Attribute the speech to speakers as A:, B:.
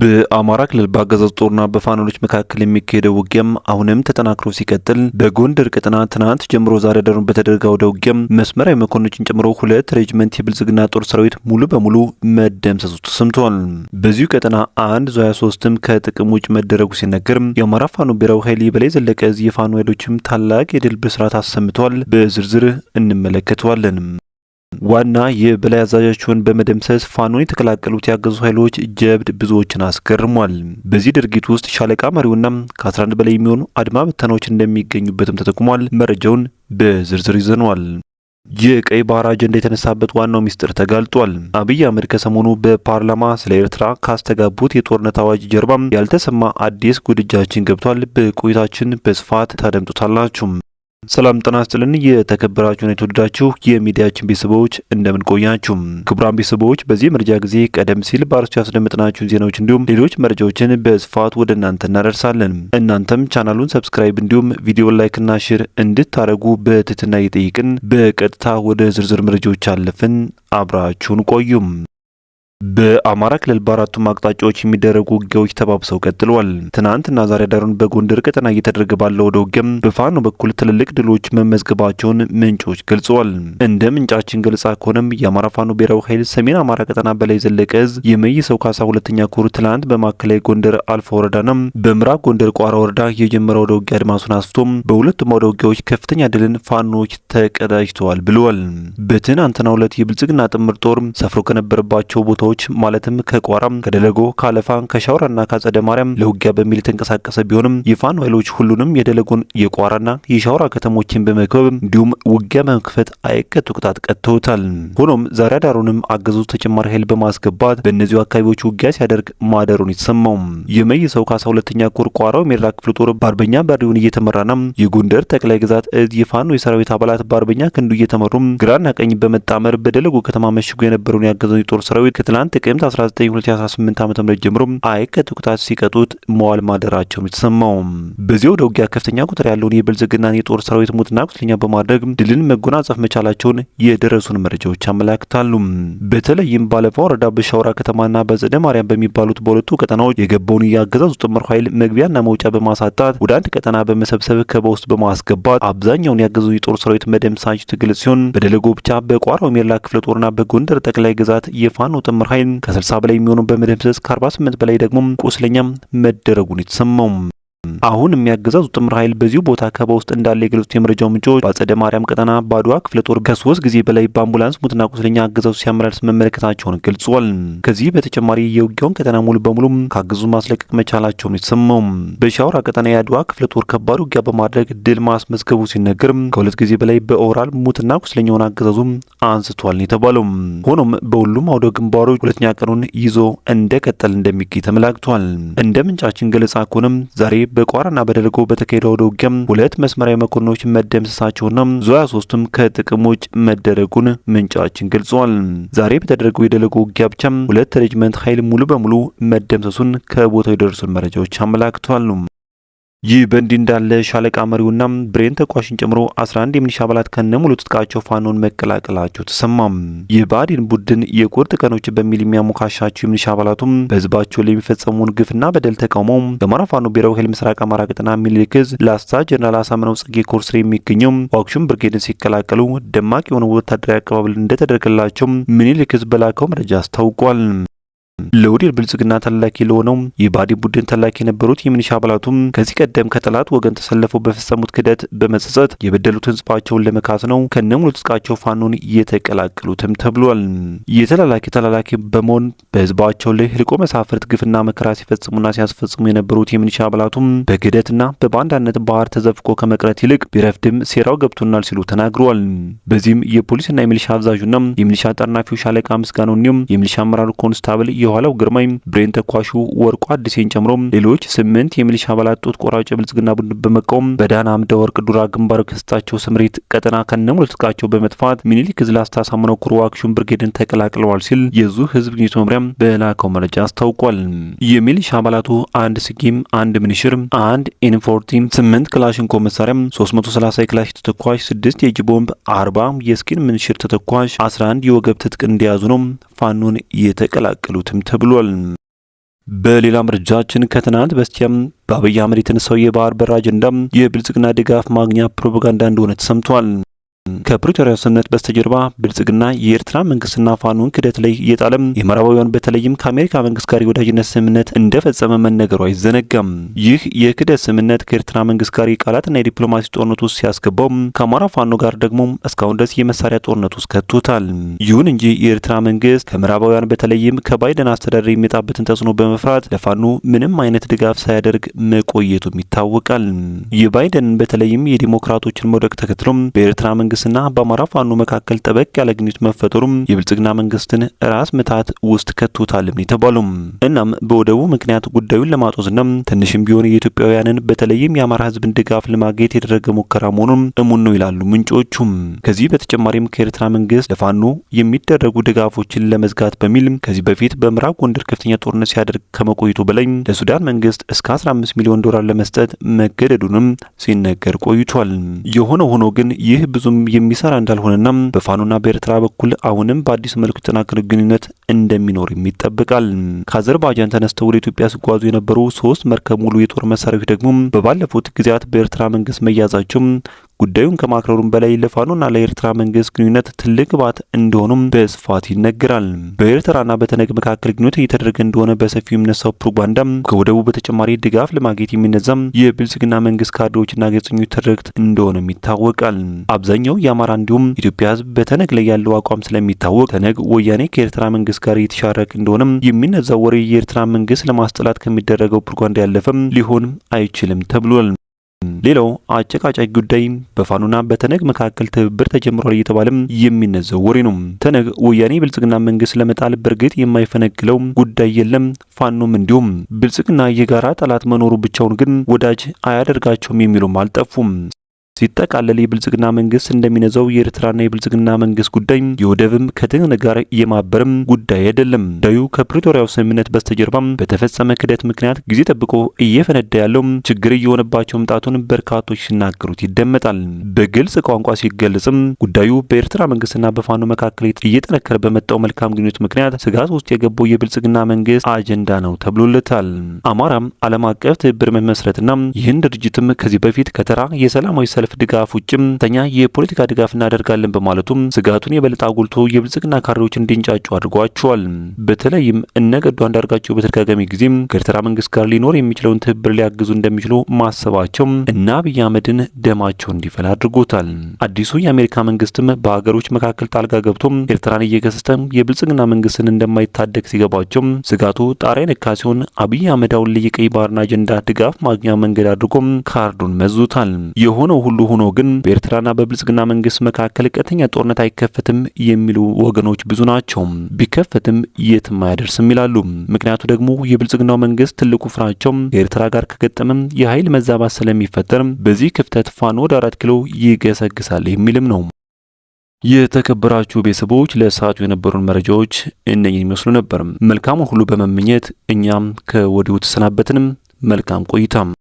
A: በአማራ ክልል በአገዛዙ ጦርና በፋኖሎች መካከል የሚካሄደው ውጊያም አሁንም ተጠናክሮ ሲቀጥል በጎንደር ቀጠና ትናንት ጀምሮ ዛሬ ደሩን በተደረገው ወደ ውጊያም መስመራዊ መኮንኖችን ጨምሮ ሁለት ሬጅመንት የብልጽግና ጦር ሰራዊት ሙሉ በሙሉ መደምሰሱ ተሰምቷል። በዚሁ ቀጠና አንድ ዙ 23ም ከጥቅም ውጭ መደረጉ ሲነገር የአማራ ፋኖ ብሔራዊ ኃይል የበላይ ዘለቀ የፋኖ ኃይሎችም ታላቅ የድል ብስራት አሰምቷል በዝርዝር እንመለከተዋለን። ዋና የበላይ አዛዣቸውን በመደምሰስ ፋኖን የተቀላቀሉት ያገዙ ኃይሎች ጀብድ ብዙዎችን አስገርሟል። በዚህ ድርጊት ውስጥ ሻለቃ መሪውና ከ11 በላይ የሚሆኑ አድማ በተናዎች እንደሚገኙበትም ተጠቁሟል። መረጃውን በዝርዝር ይዘነዋል። የቀይ ባህር አጀንዳ የተነሳበት ዋናው ሚስጥር ተጋልጧል። አብይ አህመድ ከሰሞኑ በፓርላማ ስለ ኤርትራ ካስተጋቡት የጦርነት አዋጅ ጀርባም ያልተሰማ አዲስ ጉድጃችን ገብቷል። በቆይታችን በስፋት ታደምጡታላችሁ። ሰላም ጤና ይስጥልን። የተከበራችሁን የተወደዳችሁ የሚዲያችን ቤተሰቦች እንደምን ቆያችሁ? ክቡራን ቤተሰቦች በዚህ መረጃ ጊዜ ቀደም ሲል በአርሶ ያስደመጥናችሁን ዜናዎች እንዲሁም ሌሎች መረጃዎችን በስፋት ወደ እናንተ እናደርሳለን። እናንተም ቻናሉን ሰብስክራይብ እንዲሁም ቪዲዮ ላይክና ሽር እንድታደርጉ በትህትና እየጠየቅን በቀጥታ ወደ ዝርዝር መረጃዎች አለፍን። አብራችሁን ቆዩም በአማራ ክልል በአራቱም አቅጣጫዎች የሚደረጉ ውጊያዎች ተባብሰው ቀጥለዋል። ትናንትና ዛሬ ዳሩን በጎንደር ቀጠና እየተደረገ ባለው ወደ ውጊያም በፋኖ በኩል ትልልቅ ድሎች መመዝገባቸውን ምንጮች ገልጸዋል። እንደ ምንጫችን ገልጻ ከሆነም የአማራ ፋኖ ብሔራዊ ኃይል ሰሜን አማራ ቀጠና በላይ ዘለቀ እዝ የመይሰው ካሳ ሁለተኛ ኩር ትናንት በማዕከላዊ ጎንደር አልፋ ወረዳና በምዕራብ ጎንደር ቋራ ወረዳ የጀመረ ወደ ውጊያ አድማሱን አስፍቶም በሁለቱም ወደ ውጊያዎች ከፍተኛ ድልን ፋኖች ተቀዳጅተዋል ብለዋል። በትናንትና ሁለት የብልጽግና ጥምር ጦር ሰፍሮ ከነበረባቸው ቦታዎች ቀበሌዎች ማለትም ከቋራም፣ ከደለጎ፣ ከአለፋ፣ ከሻውራና ከአጸደ ማርያም ለውጊያ በሚል የተንቀሳቀሰ ቢሆንም የፋኖ ኃይሎች ሁሉንም የደለጎን የቋራና የሻውራ ከተሞችን በመክበብ እንዲሁም ውጊያ በመክፈት አይቀጡ ቅጣት ቀጥተውታል። ሆኖም ዛሬ አዳሩንም አገዙ ተጨማሪ ኃይል በማስገባት በእነዚሁ አካባቢዎች ውጊያ ሲያደርግ ማደሩን የተሰማው ሰው ካሳ ሁለተኛ ኮር ቋራው ሜራ ክፍል ጦር በአርበኛ ባሪውን እየተመራና የጎንደር ጠቅላይ ግዛት እዝ የፋኖ የሰራዊት አባላት በአርበኛ ክንዱ እየተመሩ ግራና ቀኝ በመጣመር በደለጎ ከተማ መሽጎ የነበረውን ያገዘው የጦር ሰራዊት ትናንት ጥቅምት 192018 ዓ ም ጀምሮ አይ ከትኩሳት ሲቀጡት መዋል ማደራቸውም የተሰማው በዚያው ደውጊያ ከፍተኛ ቁጥር ያለውን የብልጽግናን የጦር ሰራዊት ሙትና ቁስለኛ በማድረግ ድልን መጎናጸፍ መቻላቸውን የደረሱን መረጃዎች አመላክታሉ። በተለይም ባለፈው ወረዳ በሻውራ ከተማና በጸደ ማርያም በሚባሉት በሁለቱ ቀጠናዎች የገባውን የአገዛዙ ጥምር ኃይል መግቢያና መውጫ በማሳጣት ወደ አንድ ቀጠና በመሰብሰብ ከበባ ውስጥ በማስገባት አብዛኛውን ያገዙ የጦር ሰራዊት መደምሳቸው ትግል ሲሆን በደለጎ ብቻ በቋራው ሜላ ክፍለ ጦርና በጎንደር ጠቅላይ ግዛት የፋኖ ጥምር ኃይል ከ60 በላይ የሚሆኑ በመደብሰስ ከ48 በላይ ደግሞ ቁስለኛ መደረጉን የተሰማው አሁን የሚያገዛዙ ጥምር ኃይል በዚሁ ቦታ ከበባ ውስጥ እንዳለ የገለጹት የመረጃው ምንጮች በአጸደ ማርያም ቀጠና በአድዋ ክፍለ ጦር ከሶስት ጊዜ በላይ በአምቡላንስ ሙትና ቁስለኛ አገዛዙ ሲያመላልስ መመለከታቸውን ገልጿል። ከዚህ በተጨማሪ የውጊያውን ቀጠና ሙሉ በሙሉ ከአገዛዙ ማስለቀቅ መቻላቸውን የተሰማው በሻውራ ቀጠና የአድዋ ክፍለ ጦር ከባድ ውጊያ በማድረግ ድል ማስመዝገቡ ሲነገር ከሁለት ጊዜ በላይ በኦራል ሙትና ቁስለኛውን አገዛዙ አንስቷል የተባለው ሆኖም በሁሉም አውደ ግንባሮች ሁለተኛ ቀኑን ይዞ እንደቀጠል እንደሚገኝ ተመላክቷል። እንደ ምንጫችን ገለጻ ከሆነም ዛሬ በ በቋራና በደልጎ በተካሄደው አውደ ውጊያም ሁለት መስመራዊ መኮንኖች መደምሰሳቸውና ዙያ 23ም ከጥቅም ውጭ መደረጉን ምንጫችን ገልጿል። ዛሬ በተደረገው የደልጎ ውጊያ ብቻም ሁለት ሬጅመንት ኃይል ሙሉ በሙሉ መደምሰሱን ከቦታው የደረሱን መረጃዎች አመላክቷል። ይህ በእንዲህ እንዳለ ሻለቃ መሪውና ብሬን ተኳሽን ጨምሮ 11 የሚሊሻ አባላት ከነ ሙሉ ትጥቃቸው ፋኖን መቀላቀላቸው ተሰማም። የብአዴን ቡድን የቁርጥ ቀኖች በሚል የሚያሞካሻቸው የሚሊሻ አባላቱም በህዝባቸው ለሚፈጸሙን ግፍና በደል ተቃውሞ በአማራ ፋኖ ብሔራዊ ኃይል ምስራቅ አማራ ቅጥና ሚሊክዝ ላስታ ጀነራል አሳምነው ጽጌ ላይ የሚገኘው ዋግሹም ብርጌድን ሲቀላቀሉ ደማቅ የሆነ ወታደራዊ አቀባበል እንደተደረገላቸው ሚኒሊክዝ በላከው መረጃ አስታውቋል። ለወዲር ብልጽግና ተላኪ ለሆነው የባዲ ቡድን ተላኪ የነበሩት የሚኒሻ አባላቱም ከዚህ ቀደም ከጠላት ወገን ተሰልፈው በፈጸሙት ክደት በመጸጸት የበደሉትን ህዝባቸውን ለመካስ ነው ከነሙሉ ትጥቃቸው ፋኖን እየተቀላቀሉትም ተብሏል። የተላላኪ ተላላኪ በመሆን በህዝባቸው ላይ ህልቆ መሳፍርት ግፍና መከራ ሲፈጽሙና ሲያስፈጽሙ የነበሩት የሚኒሻ አባላቱም በክደትና በባንዳነት ባህር ተዘፍቆ ከመቅረት ይልቅ ቢረፍድም ሴራው ገብቶናል ሲሉ ተናግረዋል። በዚህም የፖሊስና የሚሊሻ አዛዡና የሚሊሻ ጠርናፊው ሻለቃ ምስጋናው እንዲሁም የሚሊሻ አመራሩ ኮንስታብል የኋላው ግርማይም፣ ብሬን ተኳሹ ወርቁ አዲሴን ጨምሮ ሌሎች ስምንት የሚሊሻ አባላት ጡት ቆራጭ ብልጽግና ቡድን በመቃወም በዳና አምደ ወርቅ ዱራ ግንባር ክስታቸው ስምሪት ቀጠና ከነሙሉ ትጥቃቸው በመጥፋት ሚኒሊክ ዕዝ ላስታ ሳምነው ኩሩ አክሽን ብርጌድን ተቀላቅለዋል ሲል የዙ ህዝብ ግኝቶ መምሪያም በላከው መረጃ አስታውቋል። የሚሊሻ አባላቱ አንድ ስኪም፣ አንድ ምንሽር፣ አንድ ኢንፎርቲ፣ ስምንት ክላሽንኮ መሳሪያም፣ 330 የክላሽ ተተኳሽ፣ ስድስት የእጅ ቦምብ፣ አርባ የስኪን ምንሽር ተተኳሽ፣ 11 የወገብ ትጥቅ እንደያዙ ነው ፋኖን የተቀላቀሉትም ተብሏል። በሌላ መረጃችን ከትናንት በስቲያም በአብይ አህመድ የተነሳው የባህር በር አጀንዳ የብልጽግና ድጋፍ ማግኛ ፕሮፓጋንዳ እንደሆነ ተሰምቷል። ከፕሪቶሪያ ስምምነት በስተጀርባ ብልጽግና የኤርትራ መንግስትና ፋኖን ክደት ላይ እየጣለም የምዕራባውያን በተለይም ከአሜሪካ መንግስት ጋር የወዳጅነት ስምምነት እንደፈጸመ መነገሩ አይዘነጋም። ይህ የክደት ስምምነት ከኤርትራ መንግስት ጋር የቃላትና የዲፕሎማሲ ጦርነት ውስጥ ሲያስገባው ከአማራ ፋኖ ጋር ደግሞ እስካሁን ድረስ የመሳሪያ ጦርነት ውስጥ ከቶታል። ይሁን እንጂ የኤርትራ መንግስት ከምዕራባውያን በተለይም ከባይደን አስተዳደር የሚመጣበትን ተጽዕኖ በመፍራት ለፋኖ ምንም አይነት ድጋፍ ሳያደርግ መቆየቱም ይታወቃል። የባይደን በተለይም የዲሞክራቶችን መውደቅ ተከትሎም በኤርትራ መንግስት ና በአማራ ፋኖ መካከል ጠበቅ ያለ ግንኙነት መፈጠሩም የብልጽግና መንግስትን ራስ ምታት ውስጥ ከቶታልም የተባሉም እናም በወደቡ ምክንያት ጉዳዩን ለማጦዝና ትንሽም ቢሆን የኢትዮጵያውያንን በተለይም የአማራ ህዝብን ድጋፍ ለማግኘት የተደረገ ሙከራ መሆኑን እሙን ነው ይላሉ ምንጮቹም። ከዚህ በተጨማሪም ከኤርትራ መንግስት ለፋኖ የሚደረጉ ድጋፎችን ለመዝጋት በሚል ከዚህ በፊት በምዕራብ ጎንደር ከፍተኛ ጦርነት ሲያደርግ ከመቆይቱ በላይ ለሱዳን መንግስት እስከ 15 ሚሊዮን ዶላር ለመስጠት መገደዱንም ሲነገር ቆይቷል። የሆነ ሆኖ ግን ይህ ብዙም የሚሰራ እንዳልሆነና በፋኖና በኤርትራ በኩል አሁንም በአዲስ መልኩ የተጠናከረ ግንኙነት እንደሚኖር ይጠበቃል። ከአዘርባይጃን ተነስተው ወደ ኢትዮጵያ ሲጓዙ የነበሩ ሶስት መርከብ ሙሉ የጦር መሳሪያዎች ደግሞ በባለፉት ጊዜያት በኤርትራ መንግስት መያዛቸው ጉዳዩን ከማክረሩም በላይ ለፋኖና ለኤርትራ መንግስት ግንኙነት ትልቅ ባት እንደሆኑም በስፋት ይነገራል። በኤርትራና በተነግ መካከል ግንኙነት እየተደረገ እንደሆነ በሰፊው የሚነሳው ፕሮፓጋንዳ ከወደቡ በተጨማሪ ድጋፍ ለማግኘት የሚነዛም የብልጽግና መንግስት ካድሬዎችና ጋዜጠኞች ትርክት እንደሆነም ይታወቃል። አብዛኛው የአማራ እንዲሁም ኢትዮጵያ ህዝብ በተነግ ላይ ያለው አቋም ስለሚታወቅ ተነግ ወያኔ ከኤርትራ መንግስት ጋር እየተሻረክ እንደሆነም የሚነዛው ወሬ የኤርትራ መንግስት ለማስጠላት ከሚደረገው ፕሮፓጋንዳ ያለፈም ሊሆን አይችልም ተብሏል። ሌላው አጨቃጫቂ ጉዳይ በፋኖና በተነግ መካከል ትብብር ተጀምሯል እየተባለም የሚነዘው ወሬ ነው። ተነግ ወያኔ ብልጽግና መንግስት ለመጣል በእርግጥ የማይፈነግለው ጉዳይ የለም። ፋኖም እንዲሁም ብልጽግና የጋራ ጠላት መኖሩ ብቻውን ግን ወዳጅ አያደርጋቸውም የሚሉም አልጠፉም። ሲጠቃለል የብልጽግና መንግስት እንደሚነዛው የኤርትራና የብልጽግና መንግስት ጉዳይ የወደብም ከትንነ ጋር የማበርም ጉዳይ አይደለም። ጉዳዩ ከፕሪቶሪያው ስምምነት በስተጀርባም በተፈጸመ ክደት ምክንያት ጊዜ ጠብቆ እየፈነዳ ያለው ችግር እየሆነባቸው መምጣቱን በርካቶች ሲናገሩት ይደመጣል። በግልጽ ቋንቋ ሲገለጽም ጉዳዩ በኤርትራ መንግስትና በፋኖ መካከል እየጠነከረ በመጣው መልካም ግንኙነት ምክንያት ስጋት ውስጥ የገባው የብልጽግና መንግስት አጀንዳ ነው ተብሎለታል። አማራም ዓለም አቀፍ ትብብር መመስረትና ይህን ድርጅትም ከዚህ በፊት ከተራ የሰላማዊ ሰልፍ ከአይኤምኤፍ ድጋፍ ውጭም ተኛ የፖለቲካ ድጋፍ እናደርጋለን በማለቱም ስጋቱን የበለጠ አጉልቶ የብልጽግና ካድሬዎች እንዲንጫጩ አድርጓቸዋል። በተለይም እነገዱ አንዳርጋቸው በተደጋጋሚ ጊዜም ከኤርትራ መንግስት ጋር ሊኖር የሚችለውን ትብብር ሊያግዙ እንደሚችሉ ማሰባቸው እና አብይ አህመድን ደማቸው እንዲፈላ አድርጎታል። አዲሱ የአሜሪካ መንግስትም በሀገሮች መካከል ጣልቃ ገብቶም ኤርትራን እየገሰሰም የብልጽግና መንግስትን እንደማይታደግ ሲገባቸው ስጋቱ ጣሪያ ነካ ሲሆን አብይ አህመድ አሁን ለቀይ ባህርን አጀንዳ ድጋፍ ማግኛ መንገድ አድርጎም ካርዱን መዙታል። የሆነው ሁሉ ሆኖ ግን በኤርትራና በብልጽግና መንግስት መካከል ቀጥተኛ ጦርነት አይከፈትም የሚሉ ወገኖች ብዙ ናቸው። ቢከፈትም የትም አያደርስም ይላሉ። ምክንያቱ ደግሞ የብልጽግናው መንግስት ትልቁ ፍራቸው ከኤርትራ ጋር ከገጠመም የኃይል መዛባት ስለሚፈጠር በዚህ ክፍተት ፋኖ ወደ አራት ኪሎ ይገሰግሳል የሚልም ነው። የተከበራችሁ ቤተሰቦች ለሰዓቱ የነበሩን መረጃዎች እነኝን ይመስሉ ነበር። መልካሙን ሁሉ በመመኘት እኛም ከወዲሁ ተሰናበትንም። መልካም ቆይታም